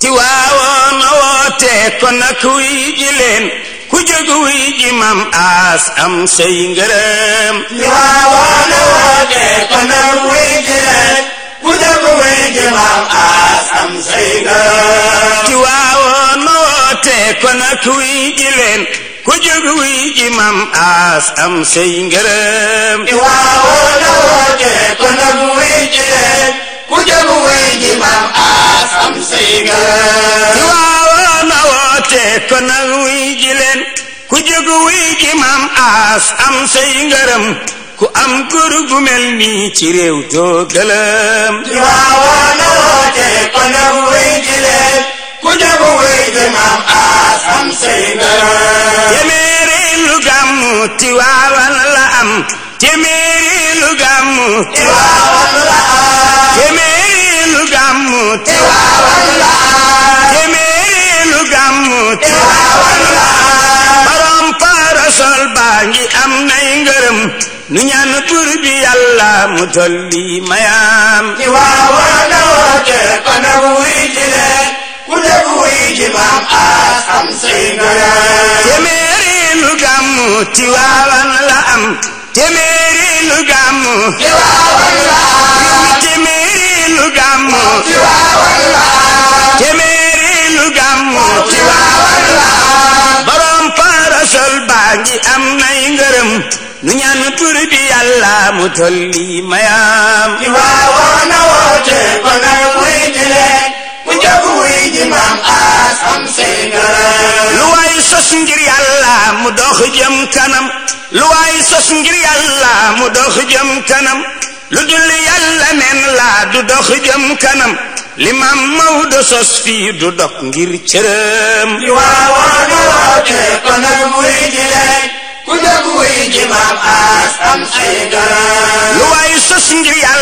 ci waawoon a woote kon ak wuy ji leen ku aas am say ngërëm ci waawa na woote kon ak wuy ji ku jóg wuy ji maam aas am say ngërëm ku am góor gu mel ci réew doo gëlëm waawa na woote kon ak wuy ji ku jóg wuy ji maam aas am say ngërëm téeméeri lu la am téeméeri lu gàmmu ti waawan la am ngi am nay ngërëm nu ñaan tur bi yàlla mu tolli mayaam ci waawaa na woote kona bu wuy ji leen ku ne bu wuy ji maam aas am say ngërëm téeméeri lu gàmmu ci waawan la am téeméeri lu gàmmu ci waawan la am téeméeri lu gàmmu ci waawan la am téeméeri lu gàmmu ci waawan la am borom parasol baa ngi am nay nu ñaan tur bi yàlla mu tolli mayaam ci waawoo na woote ko nay wuy ji leen ku njëkk wuy ji maam aas am seen gërëm lu waay sos ngir yàlla mu dox jëm kanam lu waay sos ngir yàlla mu dox jëm kanam lu dul yàlla neen sos fii du dox ngir cërëm ci waawoo na woote ko nay wuy ji leen way sos ngir yàlla